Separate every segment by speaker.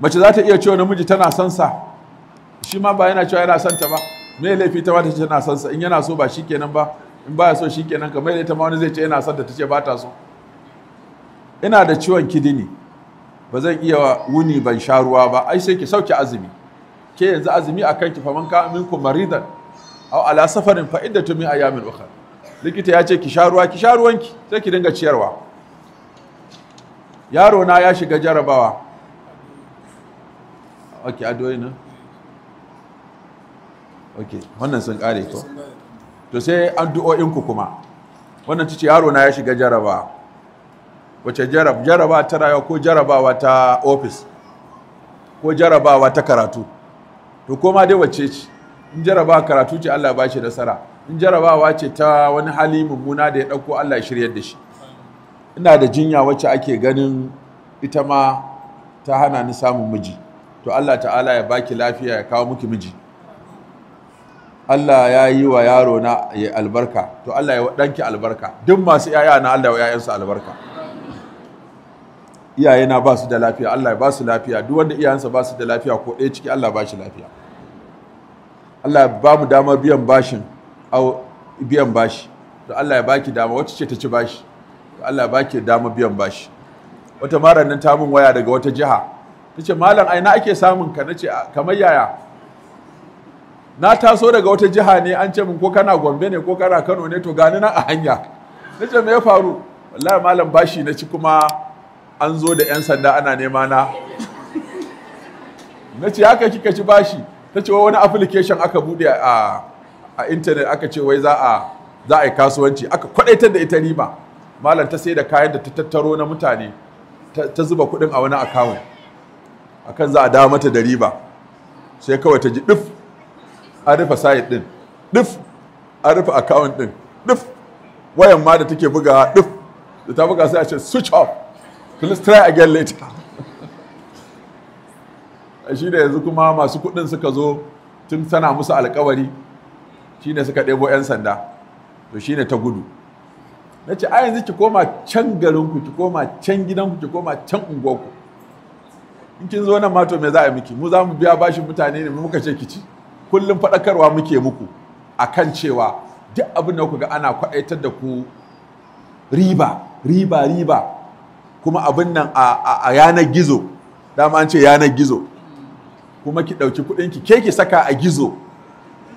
Speaker 1: mace za ta iya cewa namiji tana son sa shi ma ba yana cewa yana son ta ba me laifi ta ba ta ce tana son sa in yana so ba shikenan ba in baya so shikenan kamar yadda ta ma wani zai ce yana son ta ce ba ta so ina da ciwon kidini ba zan iya wuni ban sha ruwa ba ai sai ki sauke azumi ke yanzu azumi kanki fa faman ka ku maridan aw ala safarin fa iddatu min ayamin ukhra likita ya ce ki sha ruwa ki sha ruwanki sai ki dinga ciyarwa yaro na ya shiga jarabawa ok addu'o'i nan ok wannan sun kare to to sai addu'o'in ku kuma wannan tace yaro na ya shiga jaraba wace jarab jaraba ta rayuwa ko jarabawa ta office ko jarabawa ta karatu to koma dai wace ce in jaraba karatu ce Allah ba shi nasara in jarabawa ce ta wani hali mummuna da ya dauko Allah ya shiryar da shi ina da jinya wacce ake ganin ita ma ta hana ni samun miji to Allah ta'ala ya baki lafiya ya kawo muki miji Allah ya yi wa yaro na ya albarka to Allah ya danki albarka duk masu yaya na Allah ya yayansu albarka iyaye na ba su da lafiya Allah ya ba su lafiya duk wanda iyayensa ba su da lafiya ko ɗaya ciki Allah ba shi lafiya Allah ya ba mu damar biyan bashin au biyan bashi to Allah ya baki dama wacce ce ta ci bashi to Allah ya baki dama biyan bashi wata mara nan ta mun waya daga wata jiha ce malam aina ake samun ka nace kamar yaya na taso daga wata jiha ne an ce min ko kana Gombe ne ko kana Kano ne to gani nan a hanya nace me ya faru wallahi malam bashi na ci kuma an zo da yan sanda ana nema na nace haka kika ci bashi tace wani application aka bude a a internet aka ce wai za a za a yi kasuwanci aka kwadaitar da ita riba malam ta sai da kayan da ta tattaro na mutane ta zuba kuɗin a wani akawun akan za a dawo mata da riba sai kawai ta ji dif an rufe site din dif an rufe account din dif wayan ma da take buga dif da ta buga sai a ce switch off please try again later shi da yanzu kuma masu kuɗin suka zo tun tana musu alkawari shine suka ɗebo 'yan sanda to shine ta gudu na ce a yanzu ki koma can garinku ki koma can gidanku ki koma can unguwarku in kin zo nan mato me za a miki mu za mu biya bashin mutane ne muka ce ci kullum faɗakarwa muke muku akan cewa duk abin da ga ana kwaɗaitar da ku riba riba riba kuma abin nan a, yanar gizo dama an ce yanar gizo kuma ki ɗauki ki ke ki saka a gizo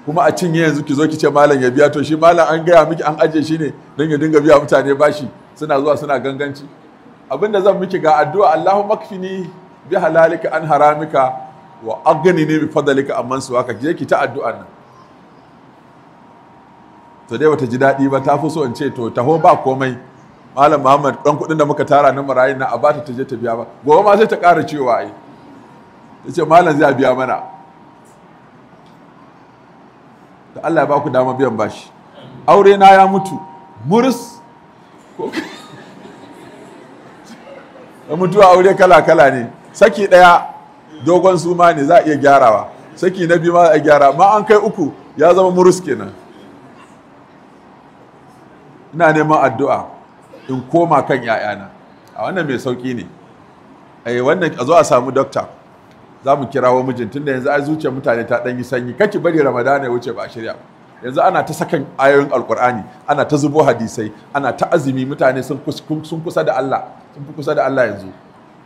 Speaker 1: kuma a cinye yanzu ki zo ki ce malam ya biya to shi malam an gaya miki an aje shi ne don ya dinga biya mutane bashi suna zuwa suna ganganci abin da zan miki ga addu'a Allahu makfini bi halalika an haramika wa agani ne bi fadalika amman su waka je ki ta addu'an nan to dai wata ji daɗi ba ta fi so in ce to taho ba komai malam muhammad ɗan kuɗin da muka tara na marayin na a ba ta ta je ta biya ba gobe ma sai ta ƙara cewa ai ta ce malam zai biya mana ta Allah ya ba ku dama biyan bashi aure na ya mutu muris mutuwa aure kala-kala ne saki ɗaya dogon suma ne za a iya gyarawa saki na biyu ma za a gyara ma an kai uku ya zama murus kenan ina neman addu'a in koma kan ‘ya'yana a wannan mai sauƙi ne ai eh, wannan a zo a samu dokta za mu kirawo mijin tunda yanzu a zuciya mutane ta ɗanyi sanyi kake bari ramadana ya wuce ba shirya yanzu ana ta sakan ayoyin alkur'ani ana ta zubo hadisai ana ta azumi mutane sun kusa da Allah sun kusa da Allah yanzu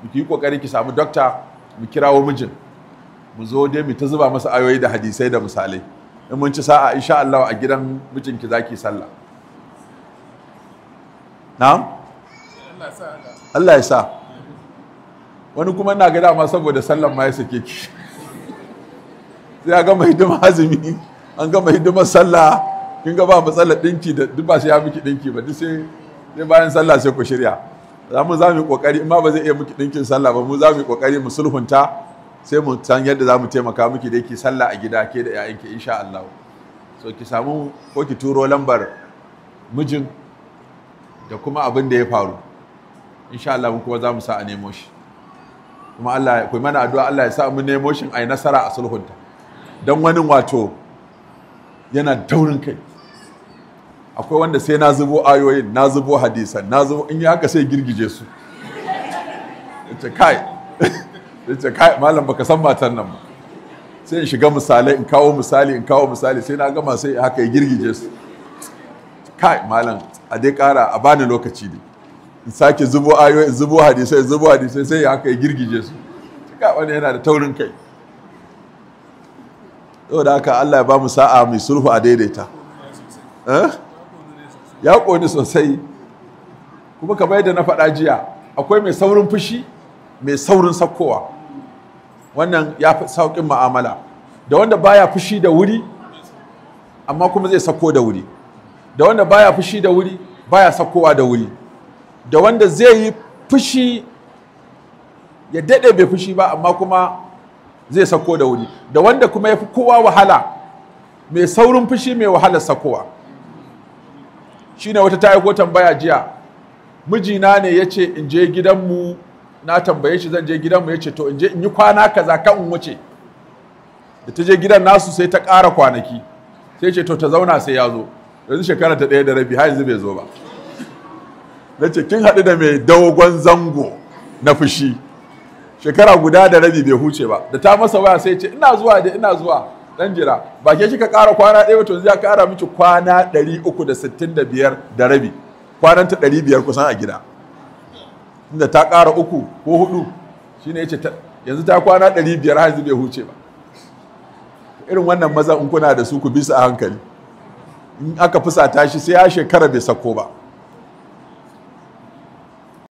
Speaker 1: ki yi kokari ki samu dokta mu kirawo mijin mu zo dai mu ta zuba masa ayoyi da hadisai da misalai in mun ci sa'a insha Allah a gidan mijinki zaki sallah na'am Allah ya sa wani kuma na ga dama saboda sallan ma ya sake ki sai a gama hidima azumi an gama hidimar sallah kin ga ba matsalar dinki da duk ba sai ya miki dinki ba duk sai bayan sallah sai ku shirya za mu za mu yi kokari in ma ba zai iya miki dinkin sallah ba mu za mu yi kokari mu sulhunta sai mu san yadda za mu taimaka miki da yake sallah a gida ke da ƴaƴanki insha Allah so ki samu ko ki turo lambar mijin da kuma abin da ya faru insha Allah mu kuma za mu sa a nemo shi kuma Allah ku mana addu'a Allah ya sa mu nemo shi ai nasara a sulhunta dan wani wato yana daurin kai akwai wanda sai na zubo ayoyin na zubo hadisan na zubo in yi haka sai girgije su yace kai yace kai malam baka san matan nan ba sai in shiga misalai in kawo misali in kawo misali sai na gama sai haka ya girgije su kai malam a dai kara a bani lokaci ne in sake zubo ayoyin, zubo hadisai zubo hadisai sai ya haka ya girgije su kai wani yana da taurin kai saboda haka Allah ya ba mu sa'a mai sulhu a daidaita eh ya ƙoni sosai kuma kamar yadda na faɗa jiya akwai mai saurin fushi mai saurin sakkowa wannan ya fi sauƙin ma'amala da wanda baya fushi da wuri amma kuma zai sakko da wuri da wanda baya fushi da wuri baya sakkowa da wuri da wanda zai yi fushi ya daɗe bai fushi ba amma kuma zai sako da wuri da wanda kuma ya fi kowa wahala mai saurin fushi mai wahalar sakowa shine wata ta ko tambaya jiya mijina ne ya ce in je gidanmu na tambaye shi zan je gidanmu ya ce to in je in yi kwana kaza kan in wuce da ta je gidan nasu sai ta ƙara kwanaki sai ce to ta zauna sai ya zo yanzu shekara ta ɗaya da rabi har yanzu bai zo ba na ce kin haɗu da mai dogon zango na fushi shekara guda da rabi bai huce ba da ta masa waya sai ce ina zuwa da ina zuwa dan jira ba ke kika ƙara kwana ɗaya to zai ƙara miki kwana 365 da rabi kwanan ta 500 kusan a gida inda ta ƙara uku ko hudu shine yace yanzu ta kwana 500 har bai huce ba irin wannan maza in kuna da su ku bisa hankali in aka fusata shi sai ya shekara bai sako ba